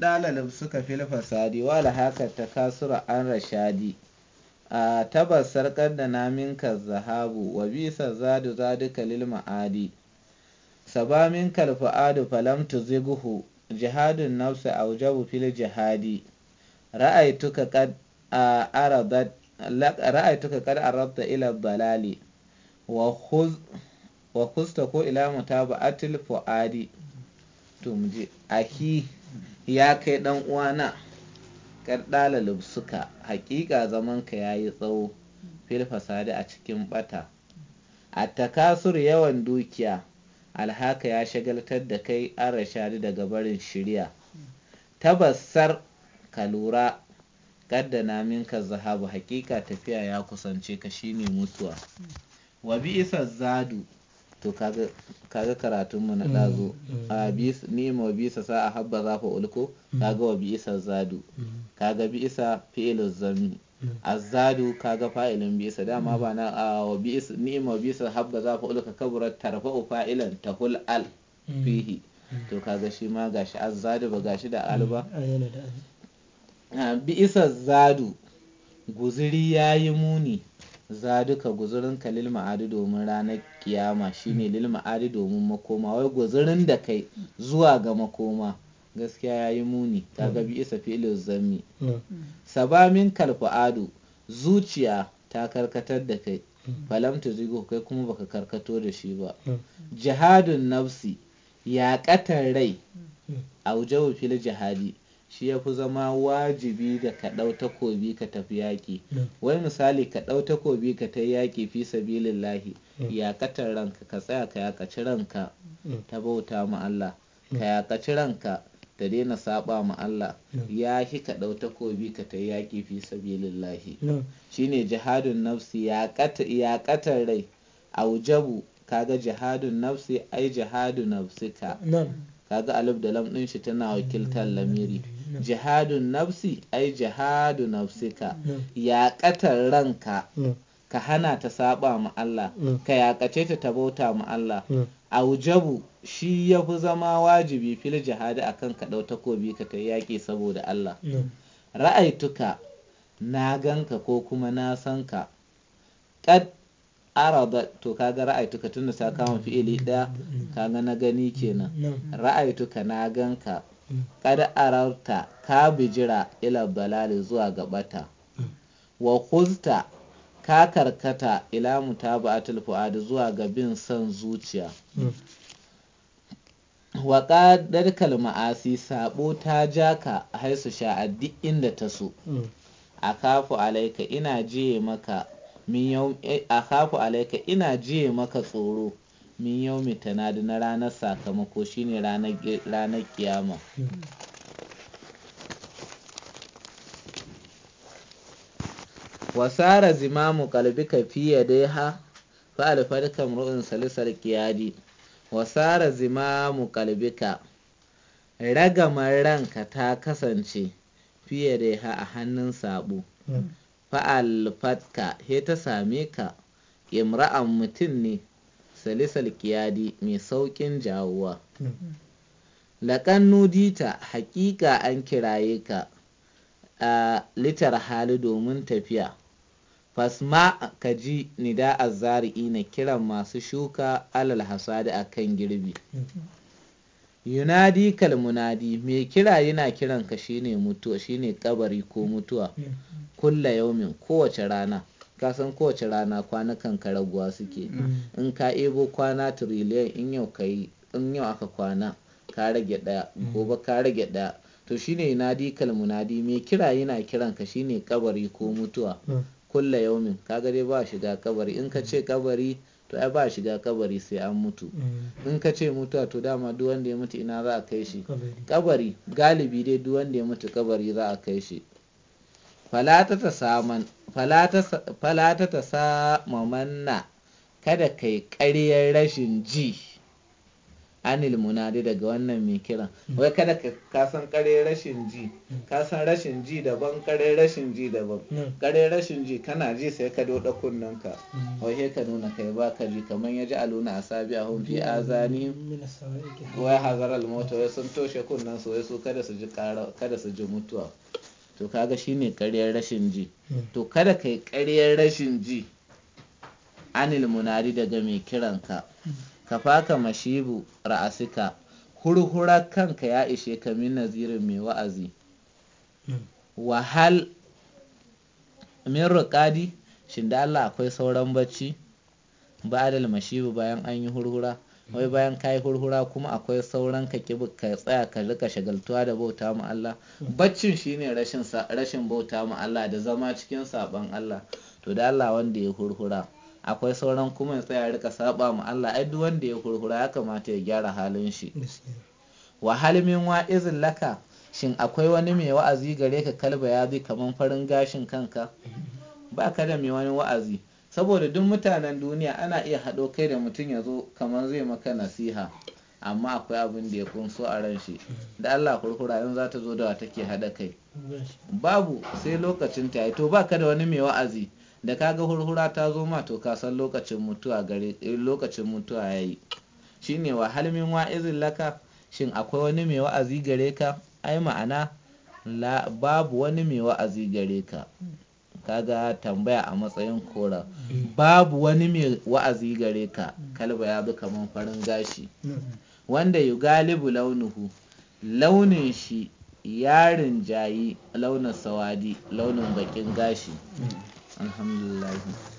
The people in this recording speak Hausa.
dalalin suka fil fasadi wala haka ta kasura an rashadi a tabas sarkar da ka zahabu wa bisa zadu zadu kalil ma'adi sabamin kalfa'adu falam tuzighu jihadun nafsi aujabu fil jihadi ra'aytuka qad aradat ra'aytuka qad aradta ila dalali wa khuz wa ko ila mutaba'atil fuadi tumji ahi ya kai ɗan uwana ƙarɗala lubsuka haƙiƙa zamanka ya yi tsawo fil fasadi a cikin ɓata a takasur yawan dukiya alhaka ya shagaltar da kai an rashari daga barin shirya tabassar ka lura kaddana minka zahabu Haƙiƙa tafiya ya kusance ka shine mutuwa wa bi isa zadu to kaga karatun mu na dazu mm, mm, mm. a bis ni ma bisa sa a habba za ku? ulko kaga wa bisa zadu kaga bisa fi'il zammi azzadu kaga fa'ilin bisa dama ba na a wa isa ni ma bisa habba za fa ulka kaburat tarfa'u fa'ilan tahul al fihi to kaga shi ma gashi zadu ba gashi da al ba bi isa zadu ya yayi muni Za zaduka guzurinka lil ma'adi domin ranar kiyama shine lil ma'adi domin makoma wai guzurin da kai zuwa ga makoma gaskiya ya yi muni ta ga bi isa filin zami sabamin kalfa'adu zuciya ta karkatar da kai falam ta zigo kai kuma baka karkato da shi ba jihadun nafsi ya yaƙatar rai a wujewa fili jihadi shi ya fi zama wajibi da ka ɗau takobi ka tafi yaƙi wai misali ka ɗau takobi ka ta yaƙi fi sabilin ya yaƙatar ranka ka tsaya ka yaƙaci ranka ta bauta ma Allah ka yaƙaci ranka ta daina saba ma Allah ya shi ka ɗau takobi ka ta yaƙi fi sabilin lahi. Shi ne jihadun nafsi yaƙatar rai aujabu kaga jihadun nafsi ai jihadu nafsika kaga alif da lam shi tana wakiltar lamiri jihadun nafsi ai jihadu nafsika katar ranka ka hana ta saba ma Allah ka yaƙace ta ta bauta ma Allah aujabu shi ya fi zama wajibi fil jihadi akan ka ko takobi ka ta yaki saboda Allah ra'aituka na ganka ko kuma na san ka kad arada to kaga ra'aituka tunda ta kama fi'ili ɗaya kaga na gani kenan ra'aituka na ganka kada ararta ka bijira ila balali zuwa ga bata wa khuzta ka karkata ila mutaba'atul fu'ad zuwa ga bin son zuciya wa qadar ma'asi sabo ta ja ka haisu sha'addi duk inda ta so a kafu alaika ina jiye a kafu ina jiye maka tsoro min yaumi tanadi na ranar sakamako shine ranar kiyama wasara zimamu ka fiye dai ha fa'alfar kamru'in salisar kiyadi wasara zimamu ka, ragamar ranka ta kasance fiye da ha a hannun sabo hmm. fa'alfatka he ta same ka imra'an mutum ne salisal kiyadi mai sauƙin jawuwa hmm. laƙan nudita haƙiƙa an kiraye ka a litar hali domin tafiya fasma ka ji nida azari na kiran masu shuka alal hasadi a kan girbi hmm. yunadi kalmunadi mai kira yana kiran ka shine mutuwa shine kabari ko mutuwa hmm. kulla yaumin kowace rana ka san kowace rana kwanakan ka raguwa suke mm. in ka ebo kwana tiriliyan in yau ka yi in yau aka kwana ka rage ɗaya mm. gobe ka rage ɗaya to shine nadi kalmunadi mai kira yana kiran ka shine kabari ko mutuwa mm. kulla yaumin kaga dai ba shiga kabari in ka ce kabari to ai ba shiga kabari sai an mutu in ka ce mutuwa to dama duk wanda ya mutu ina za a kai shi kabari galibi dai duk wanda ya mutu kabari za a kai shi falata ta manna kada kai karyar rashin ji anil munadi daga wannan mai kiran wai kada ka san kare rashin ji ka san rashin ji daban kare rashin ji daban kare rashin ji kana ji sai ka doda kunnen ka mm. wai ka nuna kai ba ka ji kamar ya ji aluna a sabi a hun fi mm. azani wai hazar almota wai sun toshe kunnen su wai su kada su ji mutuwa to kaga shine karyar rashin ji hmm. to kada kai karyar rashin ji anil munari daga mai kiranka hmm. ka faka mashibu ra'asika hurhura kanka ya ishe ka min nazirin mai wa'azi hmm. wahal min rukadi shin da Allah akwai sauran bacci ba adal mashibu bayan an yi hurhura wai bayan ka yi hurhura kuma akwai sauran ka ki ka tsaya ka rika shagaltuwa da bauta mu Allah baccin shine rashin rashin bauta mu Allah da zama cikin saban Allah to da Allah wanda ya hurhura akwai sauran kuma ya tsaya rika saba mu Allah ai duk wanda ya hurhura ya kamata ya gyara halin shi wa halimin wa izin laka shin akwai wani mai wa'azi gare ka kalba ya bi kaman farin gashin kanka ba ka da mai wani wa'azi saboda duk mutanen duniya ana iya haɗo kai da mutum ya zo kamar zai maka nasiha amma akwai abin da ya kunso a ran shi da Allah kurkura yin za ta zo da take haɗa kai babu sai lokacin ta yi to ba ka da wani mai wa'azi da kaga hurhura ta zo ma to ka san lokacin mutuwa gare eh, lokacin mutuwa yayi shine wa halmin wa'izin laka shin akwai wani mai wa'azi gare ka ai ma'ana babu wani mai wa'azi gare ka kaga tambaya a matsayin kora. Mm. babu wani mai wa'azi gare ka mm. kalba ya bi kaman farin gashi mm. wanda yi galibu launuhu launin shi yarin jayi launin sawadi launin bakin gashi alhamdulillah